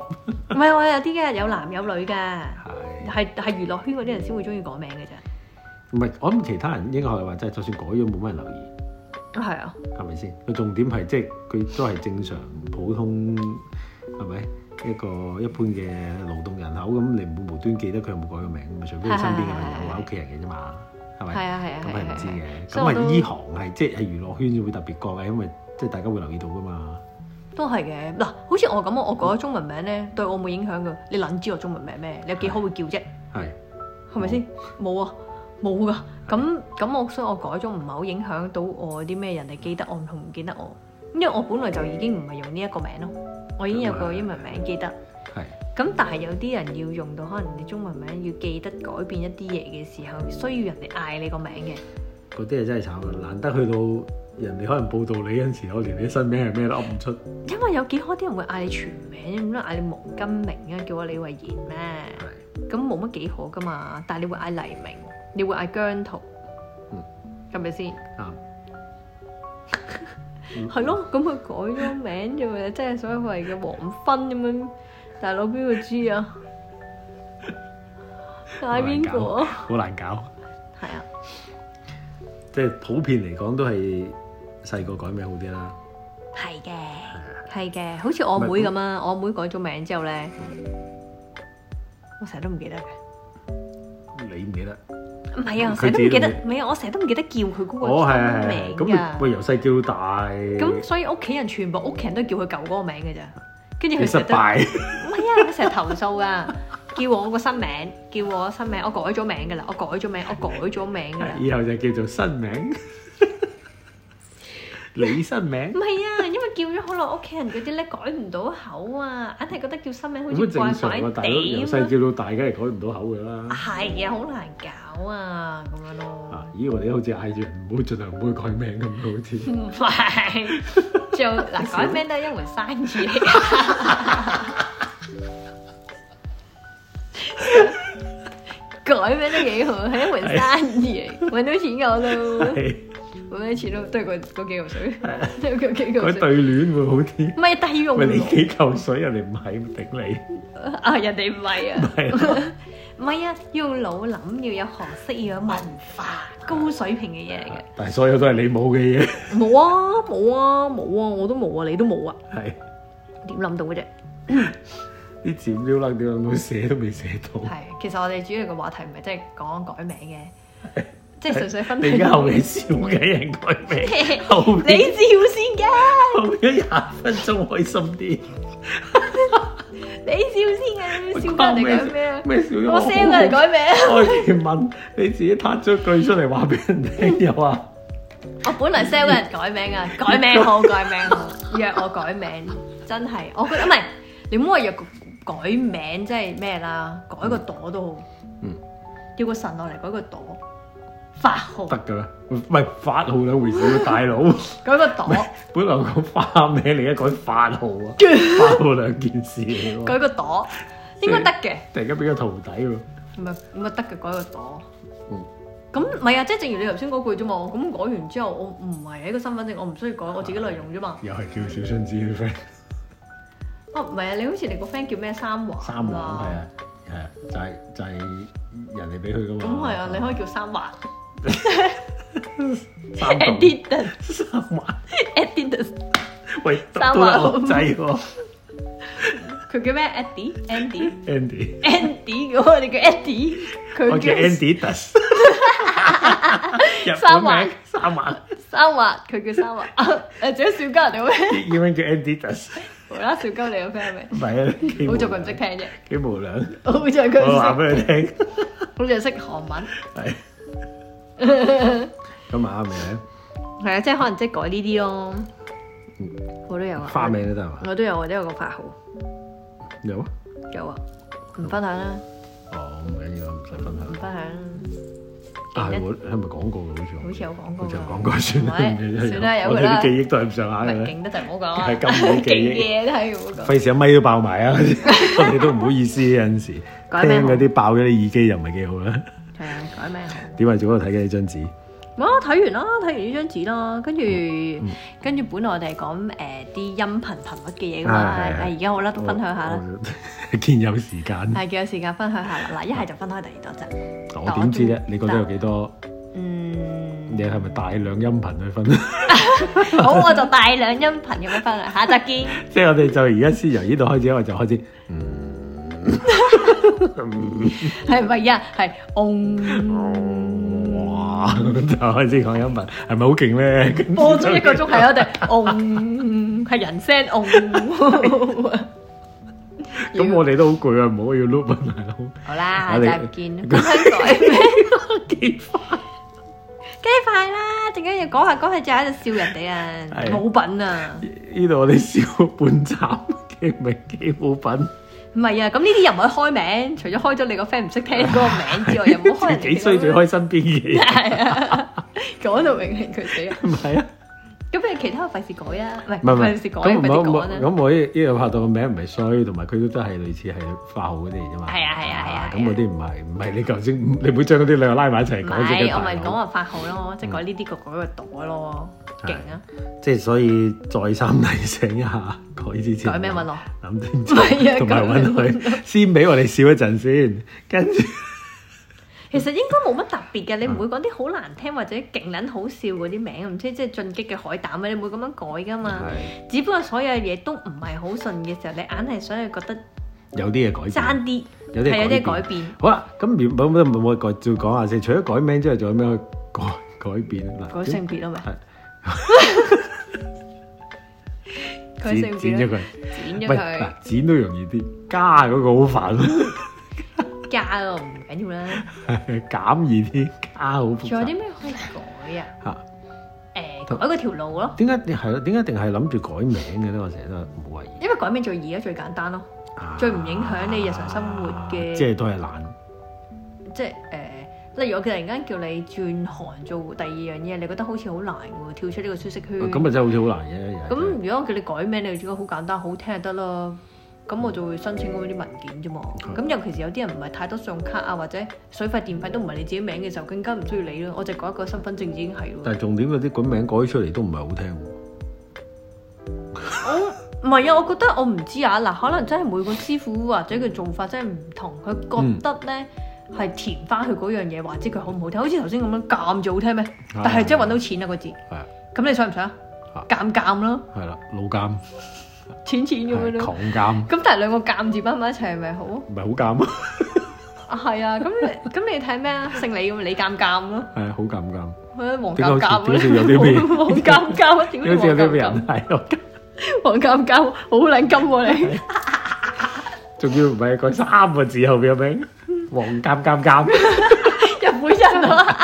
唔 <laughs> 係我有啲嘅，有男有女嘅，係係係娛樂圈嗰啲人先會中意改名嘅啫。唔係我諗其他人應該係話，即係就算改咗冇乜人留意，啊係啊，係咪先？個重點係即係佢都係正常普通，係咪一個一般嘅勞動人口咁？你唔會無端記得佢有冇改個名，咪、啊、除非你身邊嘅朋友或屋企人嘅啫嘛，係咪？係啊係啊係咁係唔知嘅。咁啊呢、啊、行係即係娛樂圈會特別講嘅，因為，因為即係大家會留意到噶嘛。都係嘅，嗱，好似我咁啊，我改咗中文名咧，對我冇影響噶。你諗知我中文名咩？你有幾好會叫啫？係，係咪先？冇啊，冇噶。咁咁，我所以我改咗唔係好影響到我啲咩人哋記得我同唔記得我，因為我本來就已經唔係用呢一個名咯，我已經有個英文名記得。係。咁但係有啲人要用到可能你中文名要記得改變一啲嘢嘅時候，需要人哋嗌你個名嘅。嗰啲嘢真係慘噶，難得去到人哋可能報道你嗰陣時，我連你新名係咩都噏唔出。因為有幾何啲人會嗌你全名，咁樣嗌你毛金明啊，叫我李慧賢咩？係。咁冇乜幾何噶嘛，但係你會嗌黎明，你會嗌姜濤，嗯，係咪先？係咯，咁佢改咗名啫喎，即係所謂嘅黃昏咁樣，大佬邊個知啊。嗌邊個？好難搞。係啊。即係普遍嚟講都係細個改名好啲啦。係嘅，係嘅，好似我妹咁啊，我妹改咗名之後咧，我成日都唔記得嘅。你唔記得？唔係啊，佢都唔記得，唔係啊，我成日都唔記得叫佢嗰個名噶。喂，由細叫到大，咁所以屋企人全部屋企人都叫佢舊嗰個名嘅咋，跟住佢成日失敗，唔係啊，佢成日投訴噶。叫我個新名，叫我新名，我改咗名噶啦，我改咗名，我改咗名噶啦。以後就叫做新名。你新名？唔係啊，因為叫咗好耐，屋企人嗰啲咧改唔到口啊，硬係覺得叫新名好似怪怪哋。點啊？由細叫到大，梗係改唔到口噶啦。係啊，好難搞啊，咁樣咯。啊，咦？我哋好似嗌住唔好盡量唔好改名咁，好似唔係。做嗱改名都係一門生意嚟。我依家都幾好，係一門生意嚟，搵到錢我都，搵到錢都都係個嗰幾嚿水，都係嗰幾嚿水。佢對聯會好啲，唔係但要用。你幾嚿水人哋唔係頂你，啊人哋唔係啊，唔係啊，用腦諗要有學識要有文化，高水平嘅嘢嚟嘅。但係所有都係你冇嘅嘢，冇啊冇啊冇啊，我都冇啊，你都冇啊，係點諗到嘅啫？啲剪刀啦，點解會寫都未寫到？係，其實我哋主要嘅話題唔係即係講改名嘅，即係純粹分。你而家後尾笑嘅人改名，後你笑先嘅，後邊廿分鐘開心啲。你笑先嘅，你笑翻嚟改咩啊？咩笑？我 sell 嘅人改名。我問你自己，拍咗句出嚟話俾人聽又話：我本嚟 sell 嘅人改名啊，改名好，改名好，約我改名真係，我覺得唔係你唔好話約個。改名即係咩啦？改個朵都好，嗯、叫個神落嚟改個朵，法號得嘅咩？唔係法號兩回事，大佬。 <laughs> 改個朵，本來講花名，你而家改法號啊，法 <laughs> 號兩件事。 <laughs> 改個朵應該得嘅，突然間俾個徒弟喎，唔係唔係得嘅改個朵，咁唔係啊？即係正如你頭先嗰句啫嘛。咁改完之後，我唔係一個身份證，我唔需要改，我自己嚟用啫嘛。 <laughs> 又係叫小春子嘅 friend。哦，唔係啊，啊，你好似你個 friend 叫咩三華啦，係啊，係啊，就係、是、就係、是、人哋俾佢㗎嘛。咁係啊，你、欸、可以叫三華。Edithes 三華。Edithes 喂，三華仔喎。佢叫咩？Andy，Andy，Andy，我哋叫 Andy。我叫 Edithes。三華，三華，三華，佢叫三華。誒，仲有小嘉又咩？英文叫 n d y t h e s 啦，小鳩你有聽未？唔係啊，歐做佢唔識聽啫，幾無良。歐俊佢，我話俾佢聽，歐俊識韓文。係。咁啊，啱咪啱？係啊，即係可能即係改呢啲咯。嗯，我都有啊。花名都得嘛？我都有，我都有個化號。有啊。有啊，唔分享啦。哦，唔緊要，唔使分享。唔分享。啊！我係咪講過嘅好似？好似有講過，就講過算啦。算啦，有佢我哋啲記憶都係唔上下嘅。記得就唔好講。好記憶費事一咪都爆埋啊！我哋都唔好意思有陣時。聽嗰啲爆咗啲耳機又唔係幾好啦。係啊，改名好？點解仲喺度睇緊呢張紙？啊！睇完啦，睇完呢張紙啦，跟住跟住，本來我哋講誒啲音頻頻率嘅嘢咁啊，而家我咧都分享下啦。見有時間，係見有時間分享下啦。嗱，一係就分開第二多集。我點知咧？你覺得有幾多？嗯。你係咪大量音頻去分？好，我就大量音頻去分啦。下集見。即係我哋就而家先由呢度開始，我就開始。係唔係呀？係嗯。咁就開始講英文，係咪好勁咧？播咗一個鐘係我哋，哦，係人聲哦。咁我哋都好攰啊，唔好要 loop 埋咯。好啦，下集見更改咩？幾快幾快啦，陣間要講下講下，就喺度笑人哋啊，冇品啊！呢度我哋笑半集，唔係幾冇品。唔係啊，咁呢啲又唔可以開名，除咗開咗你個 friend 唔識聽嗰個名之外，又冇開幾衰， <laughs> 最開身邊嘅，講到榮幸佢死啊！咁咩其他費事改啦，唔係費事改，唔好唔好咁我依依個拍到個名唔係衰，同埋佢都都係類似係化好嗰啲嚟啫嘛。係啊係啊係啊，咁嗰啲唔係唔係你頭先你唔會將嗰啲兩個拉埋一齊講自己唔係我咪講話化好咯，即係改呢啲個改個袋咯，勁啊！即係所以再三提醒一下，改之前改咩運咯？諗定咗，同埋揾佢先俾我哋笑一陣先，跟住。其實應該冇乜特別嘅，你唔會講啲好難聽或者勁撚好笑嗰啲名，唔知即係進擊嘅海膽咩？你唔會咁樣改噶嘛？只不過所有嘢都唔係好順嘅時候，你硬係所以覺得有啲嘢改，爭啲，有啲有啲改變。好啦，咁如冇冇冇冇再講下先，除咗改名之外，仲有咩去改改變？改性別啊嘛？係，剪剪咗佢，剪咗佢，剪都容易啲，加嗰個好煩。唔緊要啦，減易啲，R 好。仲有啲咩可以改啊？嚇，誒改個條路咯。點解？係咯，點解一定係諗住改名嘅呢？我成日都冇懷疑。因為改名最易啊，最簡單咯，最唔影響你日常生活嘅。即係都係難。即係誒，例如我突然間叫你轉行做第二樣嘢，你覺得好似好難喎，跳出呢個舒適圈。咁咪，真係好似好難嘅一樣。咁如果我叫你改名，你仲覺得好簡單，好聽就得咯。咁我就會申請嗰啲文件啫嘛。咁的尤其是有啲人唔係太多信用卡啊，或者水費電費都唔係你自己名嘅時候，更加唔需要理咯。我就改一個身份證已經係咯。但係重點嗰啲鬼名改出嚟都唔係好聽。我唔係啊，我覺得我唔知啊。嗱，可能真係每個師傅或者佢做法真係唔同，佢覺得咧係、嗯、填翻佢嗰樣嘢，或者佢好唔好聽。好似頭先咁樣，監字好聽咩？但係真搵到錢啊嗰字。係咁的、嗯、你想唔想、啊？嚇的。監監咯。係啦，老監。淺淺咁樣咯，同監。咁但係兩個監字拼埋一齊，係咪好？唔係好監啊？啊係啊，咁你咁你睇咩啊？姓李咁，李監監咯。係啊，好監監。誒，黃監監咧？黃監監，點解黃監監？點解黃監監？係啊，黃監監好靚金喎你。仲要唔係講三個字後邊，黃監監監。日本人啊！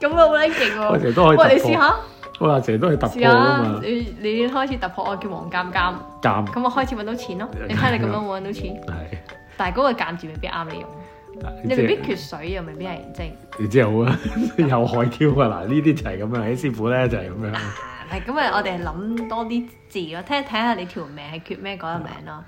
咁樣好靚勁喎。喂，你試下。哇，成日都係突破、啊、你你開始突破，我叫黃鑑鑑。鑑咁監我開始揾到錢咯！的你睇你咁樣會揾到錢。係的。但係嗰個鑑字未必啱你用。的你未必缺水又未必係精。你知好啊！ <laughs> 有海挑啊！嗱，呢啲就係咁樣，啲 <laughs> 師傅咧就係、是、咁樣。係咁啊！我哋諗多啲字咯，睇睇下你條命係缺咩嗰個名咯。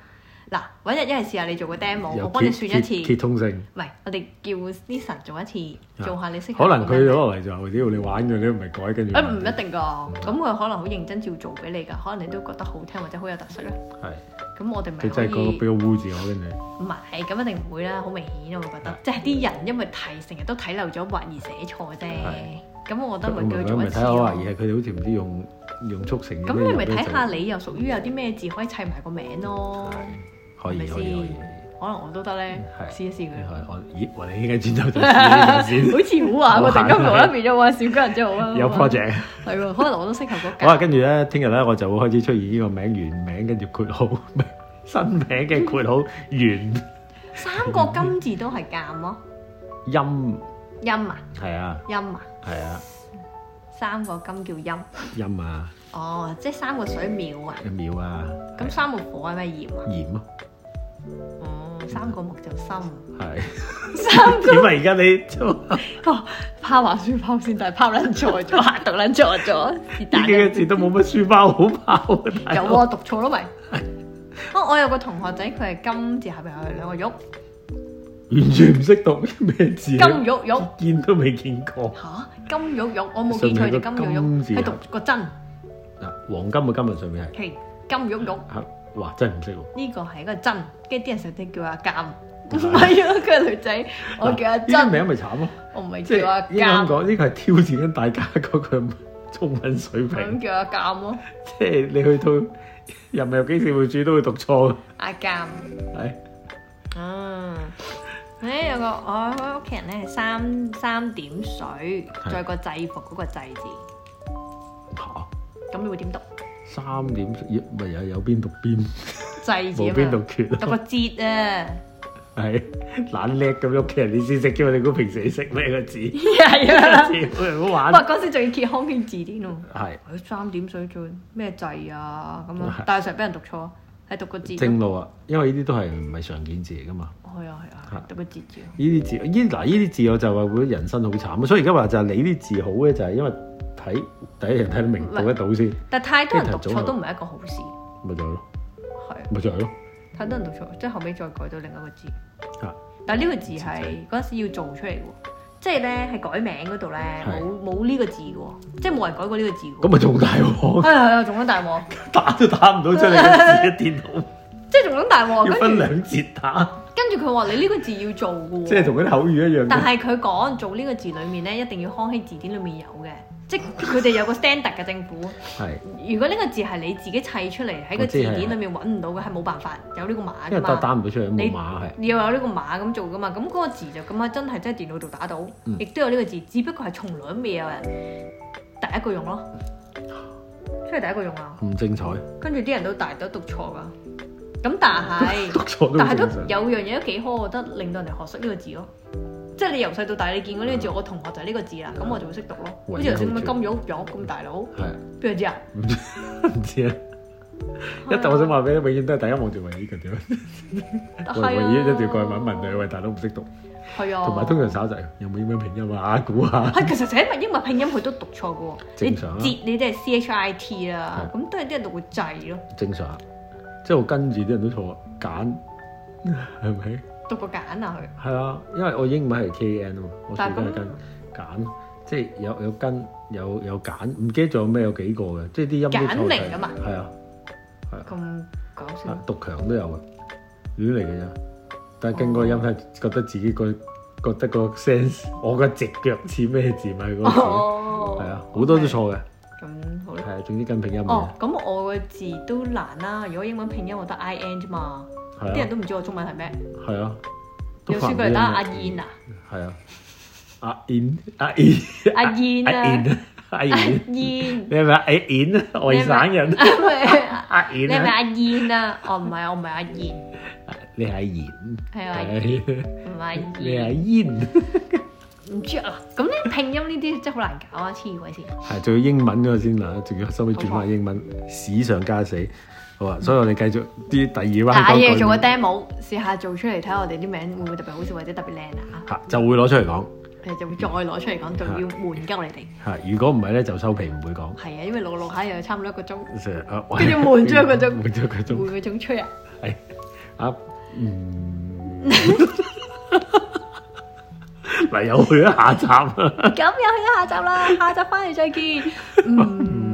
嗱，揾日一係試下你做個 demo，我幫你算一次。接通性唔係，我哋叫 listen 做一次，做下你識。可能佢攞嚟就屌你玩嘅，咁唔係改跟住。誒，唔一定㗎，咁佢可能好認真照做俾你㗎，可能你都覺得好聽或者好有特色咧。係。咁我哋咪可以。佢真係個個俾個污字我跟住。唔係，咁一定唔會啦，好明顯我會覺得，即係啲人因為睇成日都睇漏咗反而寫錯啫。係。咁我覺得咪，叫佢做唔係，唔係睇而係佢哋好似唔知用用速成。咁你咪睇下你又屬於有啲咩字可以砌埋個名咯。可以可以可以，可能我都得咧，試一試佢。我咦？我哋應該轉走咗啲人好似唔好啱喎，定金同阿 B 就玩少吉人真好啊。有 project 係喎，可能我都適合嗰界。好跟住咧，聽日咧，我就會開始出現呢個名原名，跟住括號新名嘅括號原三個金字都係鑑咯。陰陰啊！係啊！陰啊！係啊！三個金叫陰陰啊！哦，即係三個水淼啊！一淼啊！咁三個火係咩？鹽啊，鹽啊。哦，三個木就深。係。因為而家你，哦，拋完書包先，但係拋撚錯咗，讀撚錯咗。呢幾個字都冇乜書包好拋。有啊，讀錯咯咪。啊，我有個同學仔，佢係金字下邊係兩個玉，完全唔識讀咩字。金玉玉。見都未見過。吓，金玉玉，我冇見佢嘅金玉玉，係讀個真。嗱，黃金嘅金咪上面係。係，金玉玉。哇！真係唔識喎，呢個係一個真，跟住啲人成日叫叫阿鑑，唔係啊！佢係女仔，我叫阿真名咪慘咯。我唔係叫阿鑑講呢個係挑戰緊大家嗰個中文水平，咁叫阿鑑咯。即係你去到又唔係有幾少個字都會讀錯。阿鑑係啊，誒有個我屋企人咧係三三點水，再個制服嗰個制字吓，咁你會點讀？三點一咪有係有邊讀邊，無邊讀缺、 <laughs> 哦、啊，啊，啊！讀個字啊，係懶叻咁，屋企人你先識嘅，你估平時你識咩個字？係啊，字好難玩。不過！嗰時仲要揭康熙字典喎。係，三點水做咩制啊？咁樣，但係常俾人讀錯，係讀個字。正路啊，因為呢啲都係唔係常見字嚟噶嘛。係啊係啊，讀個字字。呢啲字，呢嗱呢啲字，我就話會人生好慘啊！所以而家話就係你啲字好嘅，就係因為。睇第一樣睇得明做得到先，但太多人讀錯都唔係一個好事。咪就係咯，係咪就係咯？太多人讀錯，即係後尾再改到另一個字。但係呢個字係嗰陣時要做出嚟喎，即係咧係改名嗰度咧冇冇呢個字喎，即係冇人改過呢個字嘅。咁咪仲大鑊？係係啊，仲諗大鑊。打都打唔到出嚟嘅字喺電腦，即係仲諗大鑊。要分兩節打。跟住佢話：你呢個字要做嘅喎。即係同嗰口語一樣。但係佢講做呢個字裡面咧，一定要康熙字典裡面有嘅。即佢哋有個 standard 嘅政府。係是。如果呢個字係你自己砌出嚟，喺個字典裏面揾唔到嘅，係冇辦法有呢個碼噶嘛。因為打唔到出嚟冇碼係。你又有呢個碼咁做噶嘛。咁嗰個字就咁啊，真係真係電腦度打到，亦、嗯、都有呢個字，只不過係從來未有人第一個用咯。真係第一個用啊！唔精彩。跟住啲人都大都讀錯㗎。咁但係， <laughs> 讀錯但係都有樣嘢都幾好，我覺得令到人哋學識呢個字咯。即係你由細到大，你見過呢個字，我同學就係呢個字啦，咁我就會識讀咯。好似成咁嘅金玉玉咁大佬，邊個知啊？唔知唔知啊！一陣我想話俾你，永遠都係第一望住唯一個點。唯一一條怪文文就係大佬唔識讀。係啊。同埋通常抄字有冇英文拼音啊，估下。係其實寫埋英文拼音佢都讀錯嘅喎。正常啊。字你都係 C H I T 啦，咁都有啲人讀會滯咯。正常，即係我跟住啲人都錯，揀係咪？讀個揀啊佢。係 <noise> 啊，因為我英文係 K N 啊嘛，我全部都係跟揀，即係有有跟有有揀，唔記得仲有咩有幾個嘅，即係啲音，音都錯曬。嘛。零啊嘛。係啊。咁搞笑。讀強都有嘅、啊，亂嚟嘅啫。但係跟個音，係覺得自己個、嗯、覺得個 sense，我嘅直腳似咩字咪嗰個字，係、哦、啊，好、嗯、多都錯嘅。咁 okay.、嗯、好啦。係啊，總之跟拼音，音。咁、哦、我嘅字都難啦，如果英文拼、嗯、音我得 I N 啫嘛。啲人都唔知我中文係咩。係啊，有輸過嚟打阿燕啊。係啊，阿燕阿燕阿燕啊，阿燕，你係咪阿燕啊？外省人，阿燕，你係咪阿燕啊？我唔係，我唔係阿燕，你係阿燕，係啊，唔係。你係阿燕，唔知啊？咁呢，拼音呢啲真係好難搞啊！黐鬼線。係，仲要英文嗰個先啊，仲要收尾轉翻英文，史上加死。好啊，所以我哋繼續啲第二彎。下嘢做個 demo，試下做出嚟睇下我哋啲名會唔會特別好笑或者特別靚啊？嚇， <music> 就會攞出嚟講。誒， <music> 就會再攞出嚟講，仲要換鳩你哋。嚇， <music> 如果唔係咧，就收皮，唔會講。係啊，因為老錄，錄下又差唔多一個鐘。跟住換咗個鐘，換咗 <music> 個鐘，會唔會仲出啊？係啊，嗯。嗱，又去咗下集，啊。 <laughs> 咁 <music> 又去咗下集啦，下集翻嚟再見。嗯 <music>